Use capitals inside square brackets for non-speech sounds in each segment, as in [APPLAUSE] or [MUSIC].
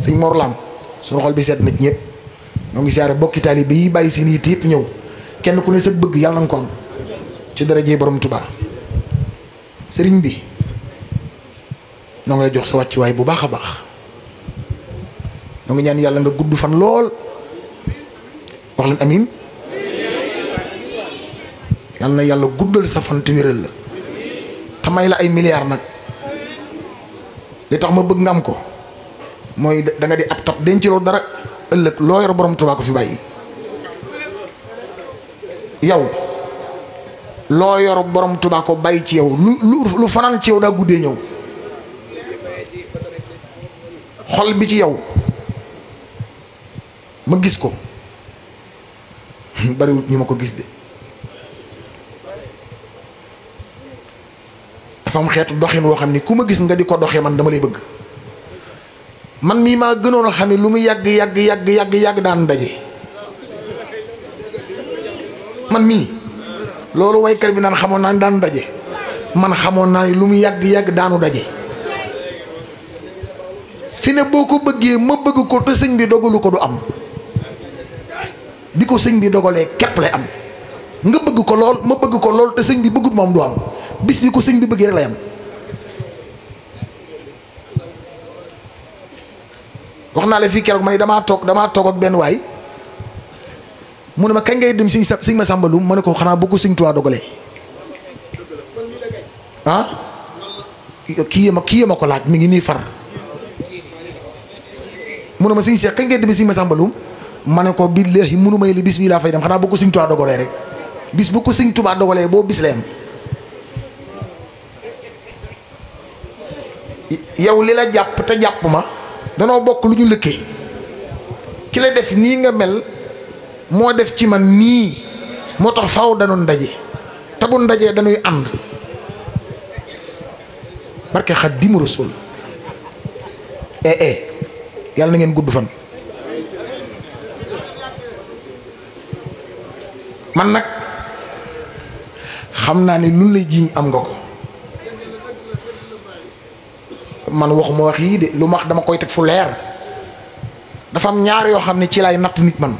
sëñ Mor Lam suñu bi seet na ci ñëpp ngi siyaare bokki taalibe yi bàyyi seen yitte yëpp ñëw kenn ku ne sa bëgg yàlla na ko am ci darajee borom Tuubaa sëriñ bi moo ngi jox sa wàccuwaay bu baax a baax moo ngi ñaan yàlla nga gudd fan lool wax leen amin yàlla na yàlla guddal sa fan te la te may la ay milliards nag li tax ma bëgg nga am ko. mooy da di ab tab denc loo dara ëllëg loo yor borom Tuubaa ko fi bàyyi yow loo yor borom Tuubaa ko bàyyi ci yow lu lu fanaan ci yow daa guddee ñëw xol bi ci yow ma gis ko [LAUGHS] bariwut ñu ma ko gis de dafa am xeetu doxin woo xam ni ku ma gis nga di ko doxee man dama lay bëgg man mii maa gënoon a xam ne lu mu yàgg yàgg yàgg yàgg yàgg daan daje man mii loolu waykat bi naan xamoon naa ni daanu daje man xamoon naa ni lu mu yàgg yàgg daanu daje fi ne boo ko bëggee ma bëgg ko te sëñ bi dogalu ko du am bi ko sëñ bi dogalee képp lay am nga bëgg ko lool ma bëgg ko lool te sëñ bi bëggut moom du am bis bi ko sëñ bi bëggee rek lay am wax naa la fii keroog mané dama tok dama tok ak ben way mu ne ma kañ ngay dem siñ sa siñ ma sàmbalum ma ko xanaa bokku siñ tuwaa dogalee ah kii ma kii ma ko laaj mi ngi ni far mu ne ma siñ seex kañ ngay dem siñ ma sàmbalum ma ne ko may li bis fay dem xanaa bokku siñ tuwaa dogalé rek bis bu ko siñ tubaa dogalee bis leem yow lila japp ta te ma danoo bokk lu ñu lëkkee ki def nii nga mel moo def ci man nii moo tax faw danoon ndaje te ndaje dajee ànd barke Xaadimu Rasuul ee eh, ee eh, yàlla na ngeen gudd fan man nag xam naa ni lu lay jiiñ am nga ko man waxuma wax yii de lu ma wax dama koy teg fu leer dafa am ñaar yoo xam ne ci lay natt nit man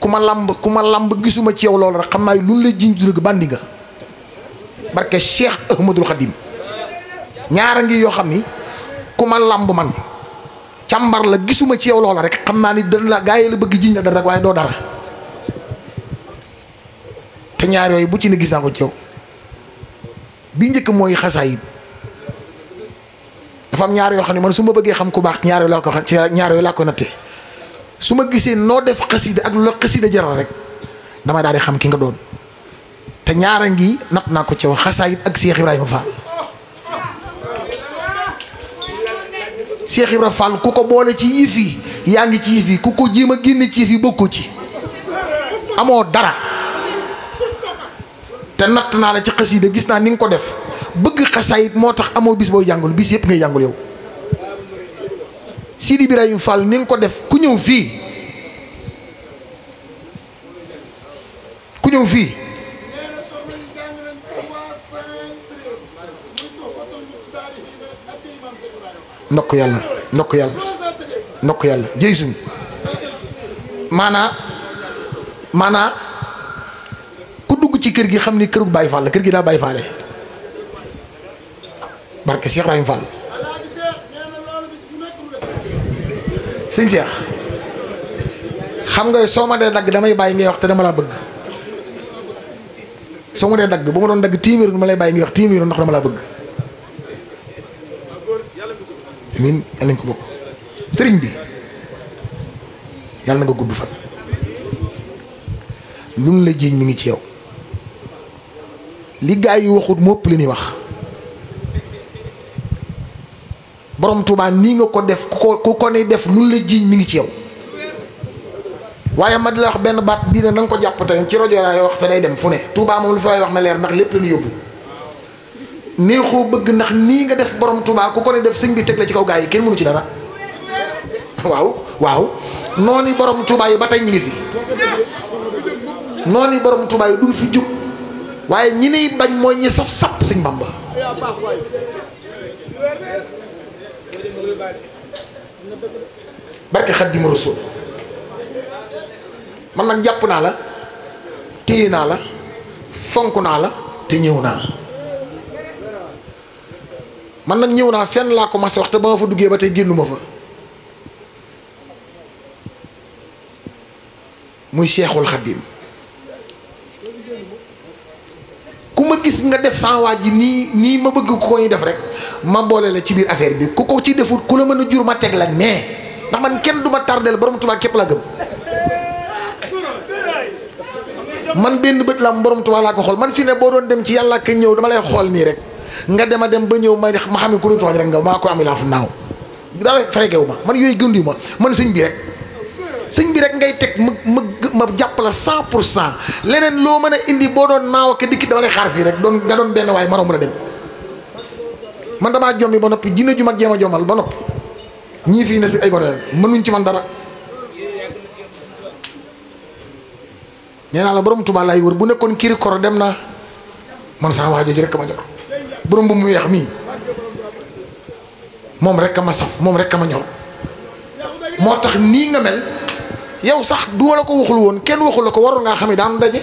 ku ma lamb ku ma lamb gisuma ci yow loolu rek xam naa lu la jiñ du dëgg bandi nga barke Cheikh Ahmadul Xadim ñaara ngi yoo xam ni ku ma lamb man càmbar la gisuma ci yow loola rek xam naa ni dana la gaa yi la bëgg jiñ la dara waaye doo dara te ñaar yooyu bu ci ne gis naa ko ci yow bi njëkk mooy xasaayit dafa am ñaar yoo xam ne man su ma bëggee xam ku baax ñaare yoo laa ko xam ñaar yoo laa su ma gisee noo def xasida ak lu la jaral rek dama daal di xam ki nga doon te ñaara ngi natt naa ko ci wax xasaayit ak Cheikh Ibrahima Fall Cheikh Ibrahima ku ko boole ci yif yaa ngi ci yif yi ku ko jéem a génne ci yif yi ci amoo dara té nat na la ci xasida gis na ni nga ko def bëgg xasaayit motax amo bis bo yangul bis yépp ngay yangul yow Sidi Ibrahima Fall ni ko def ku ñew fi ku ñew fi nokku yalla nokku yalla nokku yalla mana mana ci kër gi xamni ni kërug Baye Fall kër gi da Baye Faale barké Cheikh Baye Fall sëñ Cheikh xam nga soo ma dee dagg damay bàyyi ngay wax té dama la bëgg soo ma dee dagg bu ma doon dag timir ma lay bàyyi ngay wax timir ndax dama la bëgg min yàlla ko bokk sëriñ bi yalla nga gudd fa lu la jiiñ mi ngi ci yow li gaa yi waxut mopp li ni wax borom Tuubaa nii nga ko def ku ko ku ko ne def lu la jiiñ mi ngi ci yow waaye ma di la wax benn baat bii ne nanga ko jàpp tey ci rajo yaay wax te day dem fu ne Tuubaa moom lu fay wax na leer ndax lépp lañu yóbbu neexoo bëgg ndax nii nga def boroom Tuubaa ku ko ne def sëñ bi teg la ci kaw gaa yi kenn mënu ci dara waaw waaw noonu borom Tuubaa yi ba tey ñu ngi fi noonu borom Tuubaa yi duñ fi jóg waaye ñi niy bañ mooy ñi saf sàpp sëñ Bamba barke Xaadimu Rasuul man nag jàpp naa la téye naa la fonk naa la te ñëw naa man nag ñëw naa fenn laa commencé wax te ba ma fa duggee ba tey génnuma fa muy Seexul Xaadim gis nga def sans waji ni ni ma bëgg ku ko ñu def rek ma boole la ci bir affaire bi ku ko ci defut ku la mëna jur ma la né ndax man kenn duma tardel borom tuba képp la gëm man benn bët lam borom tuba la ko xol man fi né bo doon dem ci yalla ka ñëw dama lay xol ni rek nga dem a dem ba ñëw ma xam ku la rek nga ko fu naaw dara wu ma man yoy gëndiwu man señ bi rek señ bi rek ngay tek ma japp la 100% leneen lo meuna indi bo do naaw ak dikki dama nga xar fi rek doon nga don ben way moroom la dem man dama jommi ba nopi jinne ju mag jema jomal ba nopi ñi fi ne ci ay gone mënuñ ci man dara neena la borom tuba lay wër bu nekkon kiri koro dem na man sa waa rek ma jor borom bu mu weex mi mom rek ma saf mom rek ma ñor motax ni nga mel yow sax du ma la ko waxul woon kenn waxul la ko waroon ngaa xam ne daanu daje.